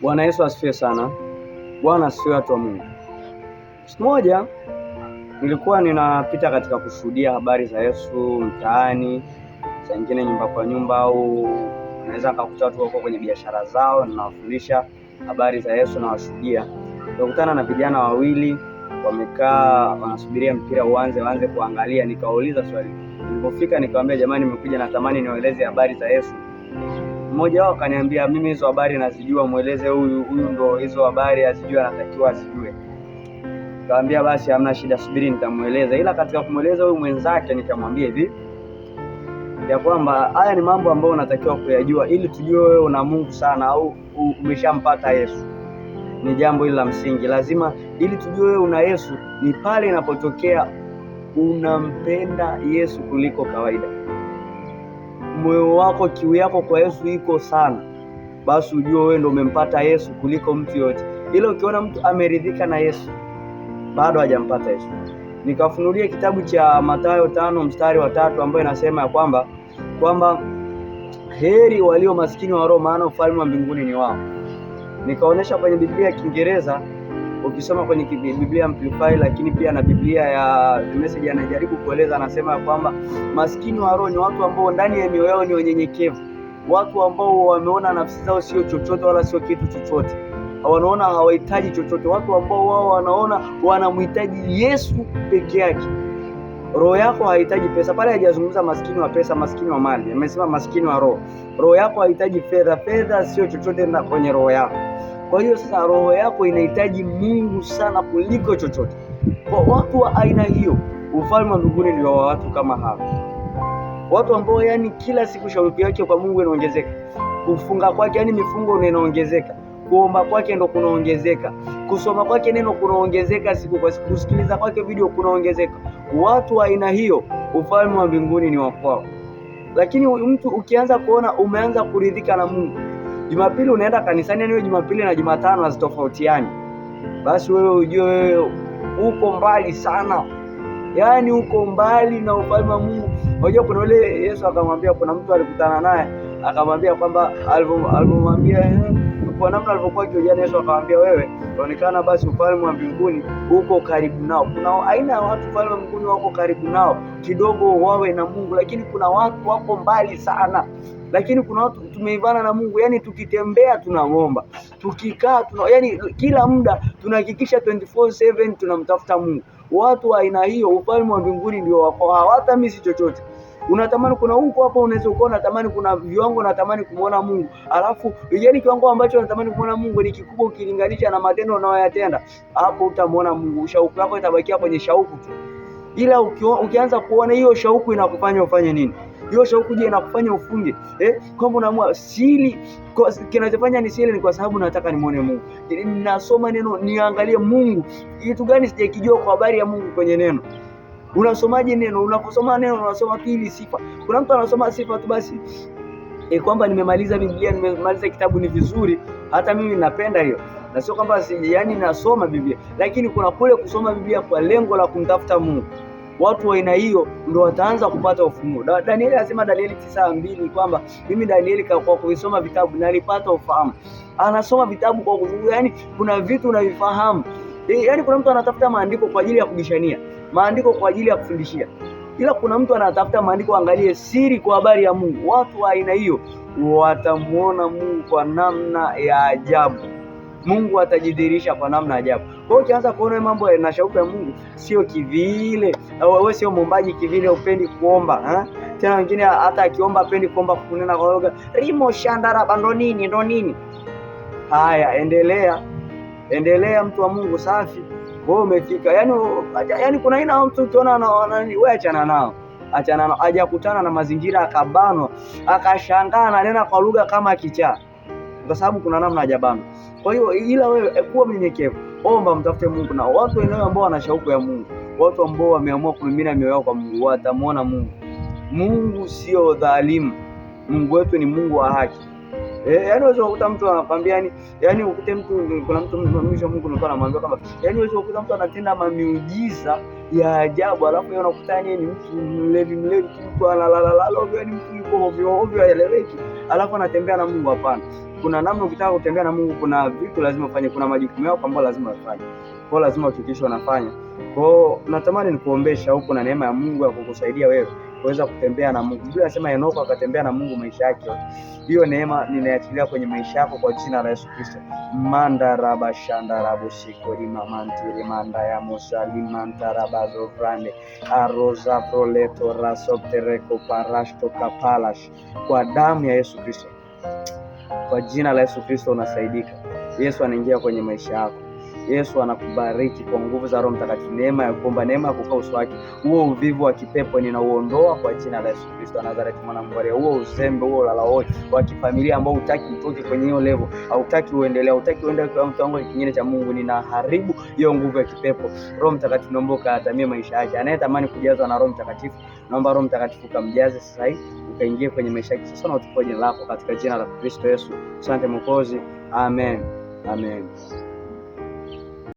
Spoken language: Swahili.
Bwana Yesu asifiwe sana. Bwana asifiwe, watu wa Mungu. Siku moja nilikuwa ninapita katika kushuhudia habari za Yesu mtaani, saa nyingine nyumba kwa nyumba, au naweza nikakuta watu wako kwenye biashara zao, ninawafundisha habari za Yesu na washuhudia. Nikakutana na vijana wawili wamekaa wanasubiria mpira uanze, waanze kuangalia. Nikauliza swali, nilipofika nikamwambia, jamani, nimekuja natamani niwaeleze habari za Yesu mmoja wao kaniambia, mimi hizo habari nazijua, mweleze huyu huyu, ndo hizo habari azijua, anatakiwa azijue. Nikamwambia basi hamna shida, subiri nitamweleza. Ila katika kumweleza huyu mwenzake nikamwambia hivi ya kwamba haya ni mambo ambayo unatakiwa kuyajua ili tujue wewe una Mungu sana au umeshampata Yesu. Ni jambo hili la msingi, lazima ili tujue wewe una Yesu ni pale inapotokea unampenda Yesu kuliko kawaida moyo wako, kiu yako kwa Yesu iko sana, basi ujue wewe ndio umempata Yesu kuliko mtu yote. Ila ukiona mtu ameridhika na Yesu bado hajampata Yesu. Nikafunulia kitabu cha Mathayo tano mstari wa tatu ambayo inasema ya kwamba kwamba heri walio maskini wa roho, maana ufalme wa mbinguni ni wao. Nikaonyesha kwenye Biblia ya Kiingereza ukisoma kwenye Biblia Amplified, lakini pia na Biblia ya The Message, anajaribu kueleza, anasema ya kwamba maskini wa roho ni watu ambao ndani ya mioyo yao ni wanyenyekevu, watu ambao wameona nafsi zao sio chochote wala sio kitu chochote, wanaona hawahitaji chochote, watu ambao wao wanaona wanamhitaji Yesu peke yake. Roho yako hahitaji pesa. Pale hajazungumza maskini wa pesa, maskini wa mali, amesema maskini wa roho. Roho yako haihitaji fedha, fedha sio chochote kwenye roho yako. Kwa hiyo sasa roho yako inahitaji Mungu sana kuliko chochote. Kwa watu wa aina hiyo, ufalme wa mbinguni ni wa watu kama hao, watu ambao yani kila siku shauku yake kwa Mungu inaongezeka, kufunga kwake yani mifungo inaongezeka kuomba kwake ndo kunaongezeka, kusoma kwake neno kunaongezeka siku kwa siku, kusikiliza kwake video kunaongezeka. Watu wa aina hiyo ufalme wa mbinguni ni wa kwao. Lakini mtu ukianza kuona umeanza kuridhika na Mungu Jumapili unaenda kanisani, yani Jumapili na Jumatano hazitofautiani, basi wewe ujue wewe uko mbali sana, yaani uko mbali na ufalme wa Mungu. Unajua kuna yule Yesu akamwambia, kuna mtu alikutana naye akamwambia kwamba alivyomwambia eh, kwa namna alivyokuwa akihojiana Yesu akamwambia, wewe inaonekana basi ufalme wa mbinguni uko karibu nao. Kuna aina ya watu ufalme wa mbinguni wako karibu nao kidogo, wawe na Mungu, lakini kuna watu wako mbali sana lakini kuna watu tumeivana na Mungu, yani tukitembea tunaomba, tukikaa tuna, yani kila muda tunahakikisha 24/7 tunamtafuta Mungu. Watu wa aina hiyo ufalme wa mbinguni ndio wako, misi chochote unatamani kuna huko hapo, unaweza ukaona unatamani kuna viwango, natamani kumuona Mungu, alafu yaani kiwango ambacho unatamani kumuona Mungu ni kikubwa ukilinganisha na matendo unayoyatenda, hapo utamuona Mungu. Shauku yako itabakia kwenye shauku tu, ila ukianza kuona hiyo shauku inakufanya ufanye nini? Hiyo shauku je, inakufanya ufunge eh? Kwamba unaamua sili, kinachofanya ni sili, ni kwa sababu nataka nimuone Mungu, ninasoma neno niangalie Mungu, kitu gani sijakijua kwa habari ya Mungu kwenye neno Unasomaje neno? Unaposoma neno unasoma pili sifa. Kuna mtu anasoma sifa tu basi e, kwamba nimemaliza Biblia, nimemaliza kitabu. Ni vizuri, hata mimi napenda hiyo, na sio kwamba yani nasoma Biblia, lakini kuna kule kusoma Biblia kwa lengo la kumtafuta Mungu. Watu wa aina hiyo ndio wataanza kupata ufunuo. Danieli anasema Danieli tisa mbili kwamba mimi Danieli kwa kuvisoma vitabu nalipata ufahamu. Anasoma vitabu kwa kuzunguka, yani kuna vitu unavifahamu. E, eh, yani kuna mtu anatafuta maandiko kwa ajili ya kubishania maandiko kwa ajili ya kufundishia, ila kuna mtu anatafuta maandiko angalie siri kwa habari ya Mungu. Watu wa aina hiyo watamwona Mungu kwa namna ya ajabu. Mungu atajidhihirisha kwa namna ajabu. Kwa hiyo ukianza kuona mambo na shauku ya Mungu, sio kivile. Wewe sio mwombaji kivile, upendi kuomba ha? Tena wengine hata akiomba apendi kuomba kunena kwa lugha rimo shandara bando nini ndo nini. Haya, endelea endelea, mtu wa Mungu safi wewe umefika. Yani, yani kuna aina ya mtu utaona anani, wewe achana nao. Achana nao. Hajakutana na mazingira akabanwa, akashangaa ananena kwa lugha kama kichaa. Kwa sababu kuna namna hajabanwa. Kwa hiyo ila wewe eh, kuwa mnyenyekevu. Omba, mtafute Mungu na watu wenyewe ambao wana shauku ya Mungu. Watu ambao wameamua kumimina mioyo yao kwa Mungu, watamwona Mungu. Mungu sio dhalimu. Mungu wetu ni Mungu wa haki. Eh, yani unaweza kukuta mtu anakwambia yani, yani ukute mtu kuna mtu mtumishi wa Mungu nilikuwa namwambia kama yani unaweza kukuta mtu anatenda mamiujiza ya ajabu alafu yeye unakuta yeye yaani ni mtu mlevi mlevi, mtu analalala, yani mtu yuko hovyo hovyo haeleweki, alafu anatembea na Mungu. Hapana, kuna namna ukitaka kutembea na Mungu, kuna vitu lazima ufanye, kuna majukumu yako ambayo lazima ufanye, kwa lazima uhakikishe unafanya kwa hiyo natamani nikuombesha huko na neema ya Mungu ya kukusaidia wewe kuweza kutembea na Mungu. Biblia inasema Enoko akatembea na Mungu maisha yake. Hiyo neema ninaiachilia kwenye maisha yako kwa jina la Yesu Kristo. manda raba shanda rabu siko lima mantiri manda ya Musa limanta raba zofrande aroza proleto rasoptereko parashto kapalash kwa damu ya Yesu Kristo, kwa jina la Yesu Kristo unasaidika. Yesu anaingia kwenye maisha yako. Yesu anakubariki kwa nguvu za Roho Mtakatifu, neema ya kuomba, neema ya kukaa uso wake. Huo uvivu wa kipepo ninauondoa kwa jina la Yesu Kristo wa Nazareti, mwana Maria. Huo uzembe, huo lala wote wa kifamilia ambao hutaki utoke kwenye hiyo level, hautaki uendelee, hautaki uende kwa kiwango kingine cha Mungu, ninaharibu hiyo nguvu ya kipepo. Roho Mtakatifu, naomba ukayatamie maisha yake. Anayetamani kujazwa na Roho Mtakatifu, naomba Roho Mtakatifu kamjaze sasa hivi, ukaingie kwenye maisha yake sasa, na utukue jina lako katika jina la Kristo Yesu. Asante Mwokozi, amen, amen.